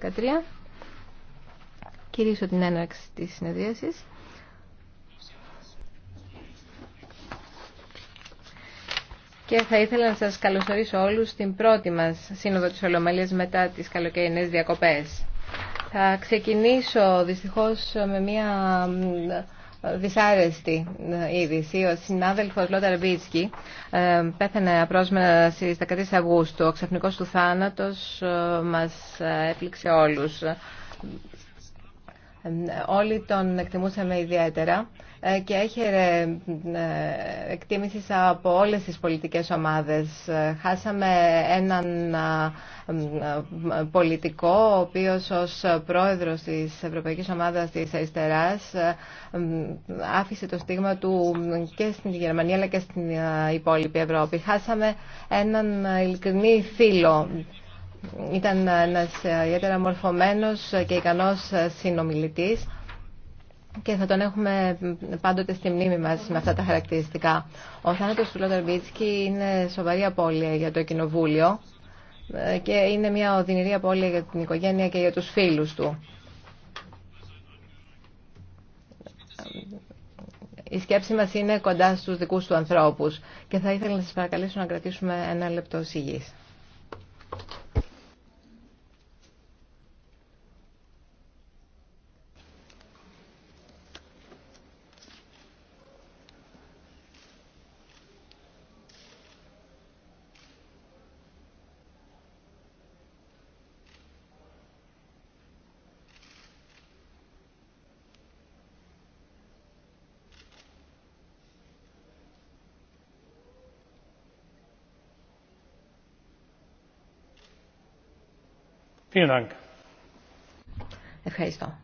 2013. Κυρίσω την έναρξη της συνεδρίασης. Και θα ήθελα να σας καλωσορίσω όλους στην πρώτη μας σύνοδο της Ολομαλίας μετά τις καλοκαιρινές διακοπές. Θα ξεκινήσω δυστυχώς με μια δυσάρεστη ε, είδηση. Ο συνάδελφο Λόταρ Μπίτσκι ε, πέθανε απρόσμενα στι 13 Αυγούστου. Ο ξαφνικό του θάνατο ε, μα έπληξε όλου όλοι τον εκτιμούσαμε ιδιαίτερα ε, και έχερε ε, εκτίμηση από όλες τις πολιτικές ομάδες. Ε, χάσαμε έναν πολιτικό, ο οποίος ως πρόεδρος της Ευρωπαϊκής Ομάδας της Αριστεράς άφησε το στίγμα του και στην Γερμανία αλλά και στην υπόλοιπη Ευρώπη. Χάσαμε έναν ειλικρινή φίλο ήταν ένας ιδιαίτερα μορφωμένος και ικανός συνομιλητής και θα τον έχουμε πάντοτε στη μνήμη μας με αυτά τα χαρακτηριστικά. Ο θάνατος του Λότερ Μπίτσκι είναι σοβαρή απώλεια για το Κοινοβούλιο και είναι μια οδυνηρή απώλεια για την οικογένεια και για τους φίλους του. Η σκέψη μας είναι κοντά στους δικούς του ανθρώπους και θα ήθελα να σας παρακαλέσω να κρατήσουμε ένα λεπτό σιγής. Ευχαριστώ.